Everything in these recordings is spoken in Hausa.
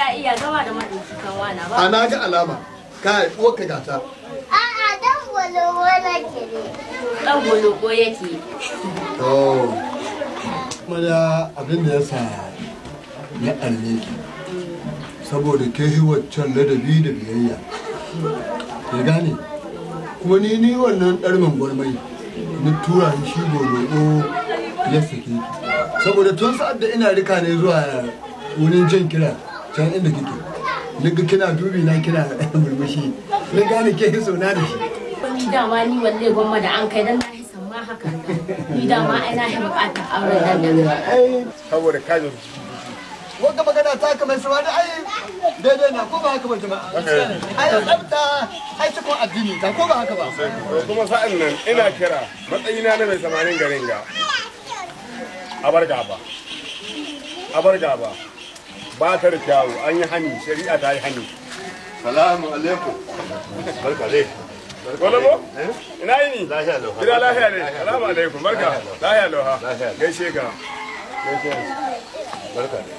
ya iya zama da maɗauki kan ba. A na ga alama. Ka uwar ka gata. A'a dan gwalogwo nake ne. Dan gwalogwo yake. To. Kuma da abin da ya sa na ki. Saboda ke yi waccan ladabi da biyayya. Ke gane? Kuma ni ni wannan ɗarmin gwarmai. Ni tura shi gwalogwo ya sake ki. Saboda tun sa'ad da ina rika ne zuwa wurin jin kira. can inda kike naga kina dubi na kina murmushi na gane ke so na da shi ni dama ni walle gwamma da an kai dan na hisan ma haka ni dama ai na hi bukatar auren dan da ai saboda ka zo wanda magana ta kamar shi wani ai daidai na ko ba haka ba jama'a ai tsafta ai cikon addini ta ko ba haka ba kuma sa'an nan ina kira matsayina na mai samanin garin ga abar gaba abar gaba ba ta da kyawu an yi hani shari'a ta yi hani salamu alaikum barkale Walabo? Eh? Ina yi ni? Lahiya loha. Gida lahiya ne. Salamu alaikum. Barka. Lahiya loha. Gaishe ka. Gaishe. Barka ne.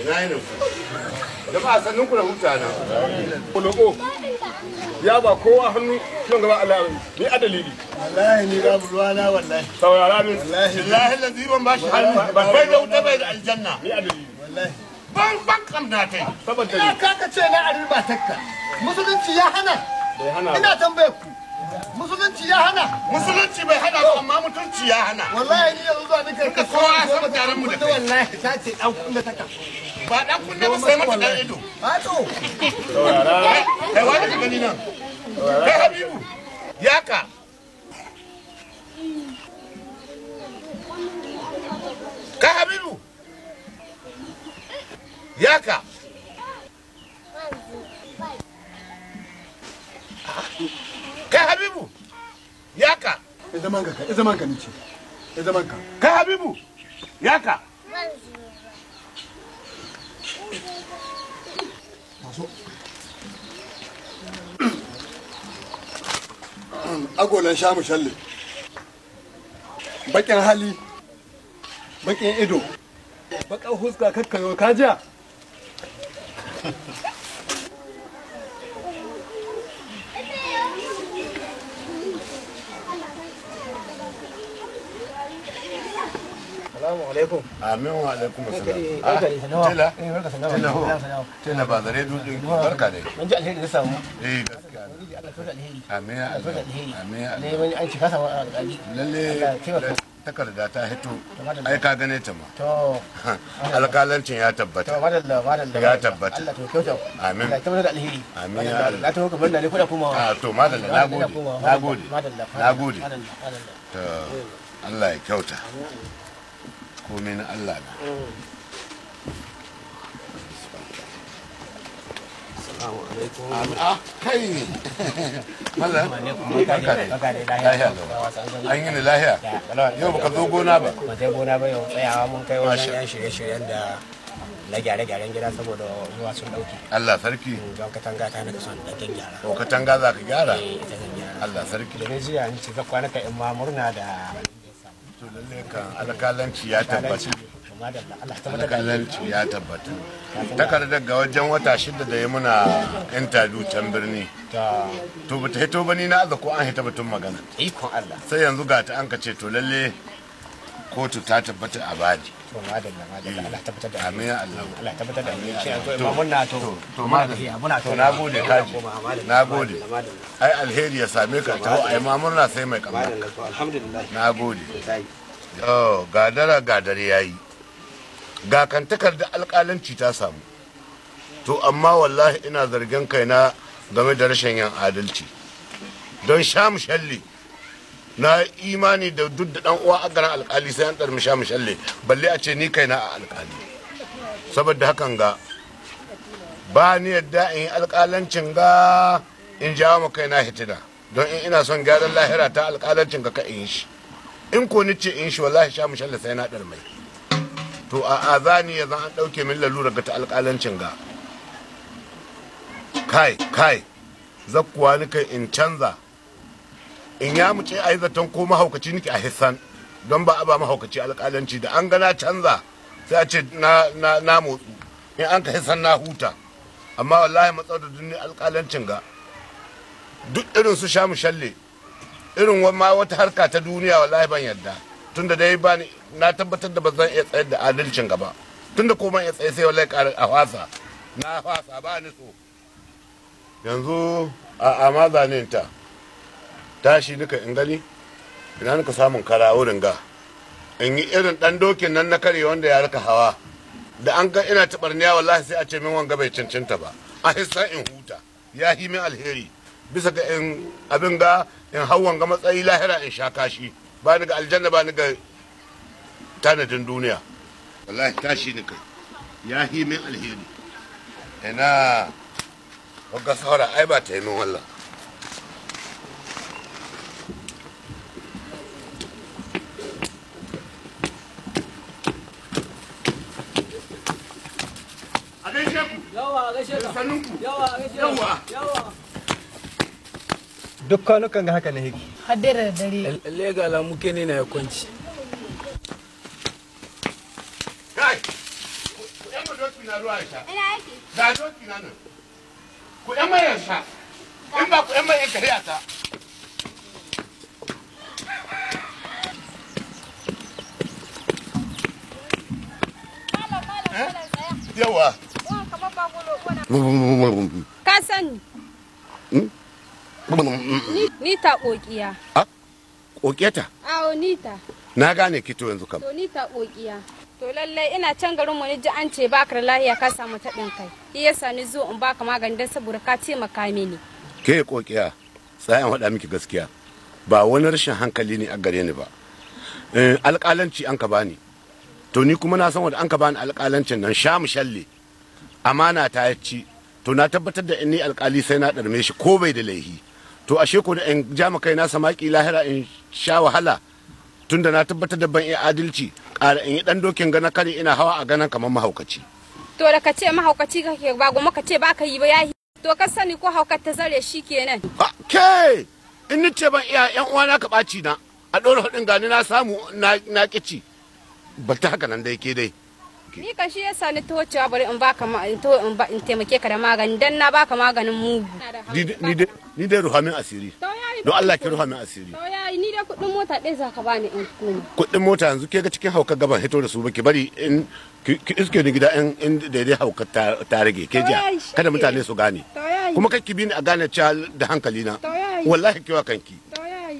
ina yi nufi da ba sannin ku da huta kuloko ya ba kowa hannu nan gaba alawi ni adalili wallahi ni babu na wallahi saurara min wallahi lazi ban hannu ba bai da wuta bai da aljanna ni wallahi ban ban kai saboda ina kaka ce na arin ba takka musulunci ya hana bai hana ina tambaye ku musulunci ya hana musulunci bai hana ba amma mutunci ya hana wallahi ni yanzu zuwa nake ka kowa a san taron mu da kai wallahi ta ce dan kunna ka ba dan kunna ba sai mata dan ido ba to kai wani ka gani nan kai habibu ya ka habibu ya ka Thank you. yaka ya zaman ka ya zaman ka ni ce ya zaman ka kai habibu yaka agolan shamu shalle bakin hali bakin ido bakan huska kakkayo kajiya Salamu alaikum. Amin wa alaikum salam. ah Tela ba zare dudin barka dai. Mun ji alheri da samu. Eh gaskiya. Allah alheri. Amin Amin ya Allah. an cika samu alƙali. Lalle takarda ta hito. Ai ka gane ta ma. To. Alƙalancin ya tabbata. To madalla madalla. Ya tabbata. Allah to kyauta. Amin. Allah ta alheri. Amin Allah. Na to ka ne kuɗa kuma. Ah to madalla nagode. Nagode. Nagode. Madalla. To Allah ya kyauta. komai na Allah na ne. Ah, an yi ni lahiya. Yau baka zo gona ba. Ba zai gona ba yau tsayawa mun kai wani yan shirye-shiryen da na gyare-gyaren gida saboda ruwa sun Allah sarki. Mm, don katanga ta na da kan gyara. katanga za ka gyara? Eh, murna da to alƙalanci ya tabbata takardar ga wajen wata shida da ya muna interview can birni to ba ta hito ba na azaku an hita batun magana sai yanzu ga ta an ka ce to lalle kotu ta tabbata a bani to madalla madalla eh. Allah tabbatar da amin Allah Allah tabbatar da amin shi to imamu na to to madalla muna to nagode kaji nagode ai alheri ya same ka to ai mamun na sai mai kamar alhamdulillah gode. oh gadara gadare yayi ga kantakar da alƙalanci ta samu to amma wallahi ina zargin kaina game da rashin yin adalci don sham shalli na imani da duk da dan uwa a garin alkali sai an dar misha mishalle balle a ce ni kaina a alkali saboda hakan ga ba ni yadda in yi alkalancin ga in jawo ma kaina hitina don in ina son gyaran lahira ta alkalancin ga ka in shi in ko ni ce in shi wallahi sha mishalle sai na dar mai to a azani ya zan an ɗauke min lalura ga ta alkalancin ga kai kai zakkuwa ni kai in canza in ya mu ce a yi zaton ko mahaukaci nake a hissan don ba a ba mahaukaci alƙalanci da an gana canza sai a ce na motsu in an ka hissan na huta amma wallahi matsar da duniya alƙalancin ga duk irin su sha shalle irin ma wata harka ta duniya wallahi ban tun tunda dai ba na tabbatar da ba zan iya tsayar da adalcin gaba tunda komai ya tsaye sai wallahi ƙarar a wasa na wasa ba ni so yanzu a amazaninta ta tashi nika in gani ina nika samun kara wurin ga in yi irin dan dokin nan na kare wanda ya rika hawa da an ga ina tabarniya wallahi sai a ce min wanga bai cancanta ba a hissa in huta ya yi min alheri bisa ga in abin ga in hawan ga matsayi lahira in sha kashi ba ni ga aljanna ba ni ga tanadin duniya wallahi tashi ni kai ya yi min alheri ina wanga saura ai ba ta yi min wallahi ku da sannun ku yawa duk kwanukan ga haka ne yake haddare da dare lalle ga alamu ke ne na ya kwanci kai yan madoki na ruwa sha ina yake da doki na nan ku yan mayan sha in ba ku yan mayan kariya ta eh? yawa Ka sani. Hmm? Ni ta ƙoƙiya. A? Ah? Ƙoƙiyata? Awo ni ta. Na gane kito yanzu kam. To ni ta ƙoƙiya. To lallai ina can garin wani ji an ce ba ka lahiya ka samu taɓin kai. Shi yasa ni zo in baka magani don saboda ka ce taimaka mini. Ke ƙoƙiya, tsayan faɗa miki gaskiya. Ba wani rashin hankali ne a gare ni ba. Eh, alƙalanci an ka bani. To ni kuma na san wanda an ka bani alƙalancin nan sha mu shalle. amana ta ya ci to na tabbatar da in ni alkali sai na ɗarme shi ko bai da laihi to ashe ko da in ja kai na samaki lahira in sha wahala tunda na tabbatar da ban iya adalci ƙara in yi ɗan dokin gana kare ina hawa a ganan kamar mahaukaci. to da ka ce mahaukaci ka ba bago ka ce ba yi ba ya yi to ka sani ko haukar ta zare shi kenan. ke in ni ce ban iya yan uwana ka ɓaci na a ɗora hudin gani na samu na ƙici ba ta haka nan dai ke dai. Ni ka shi yasa ni taho cewa bari in baka in to in taimake ka da magani dan na baka maganin mu. Ni dai ni dai ruhamin asiri. Don Allah ki ruhamin asiri. To yayi ni dai kudin mota dai za ka bani in koma. Kudin mota yanzu ke ga cikin hauka gaban hito da su ba ki bari in ki iske ni gida in daidai hauka ta rage ke jiya kada mutane su gane. Kuma kai ki bi ni a gane cha da hankali na. Wallahi kiwa kanki. To yayi.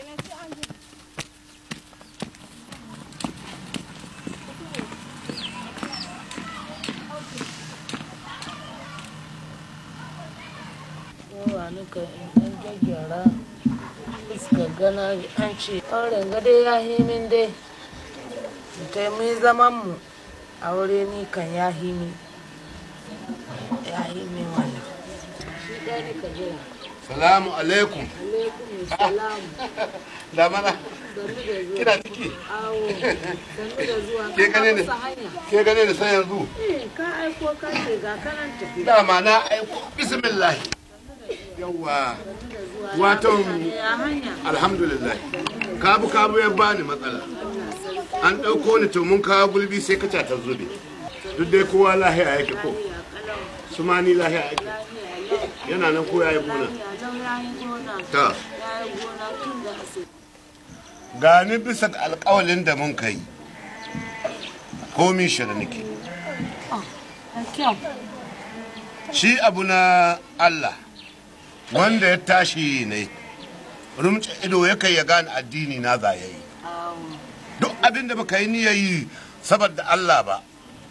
gana an ce auren gade ya himin dai ta yi mai zaman mu a wuri ni kan ya himi ya himi wannan shi ɗaya ne ka jira salamu alaikum alaikum ah. salamu da mana kina ciki ke gane ne ke gane ne sai yanzu eh, ka aiko ka ce ga kanan tafi dama na aiko bismillah yawa waton alhamdulillah kabu kabu ya bani matsala an ɗauko ni to mun kawo gulbi sai ka ta zube duk dai kowa lahiya yake ko su ma ni lahiya yake yana nan ko ya yi gona ta gani bisa alƙawalin da mun kai komi shirin nake ah, shi abu na allah wanda ya tashi ne rumce ido ya kai ya gane addini na za yi duk abin da baka yi niyyar yi saboda Allah ba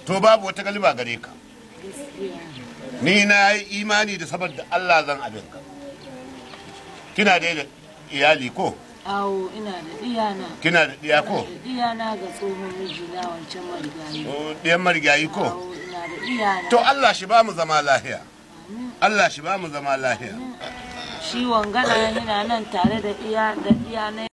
to babu wata galiba gare ka ni na yi imani da saboda Allah zan abin ka kina da iyali ko awo ina da diyana kina da diya ko diyana ga tsohon mijina wancan marigayi diyan oh, marigayi ko to Allah shi ba mu zama lahiya Allah shi ba mu zama lahiya shi wangana yana nan tare da iya da iya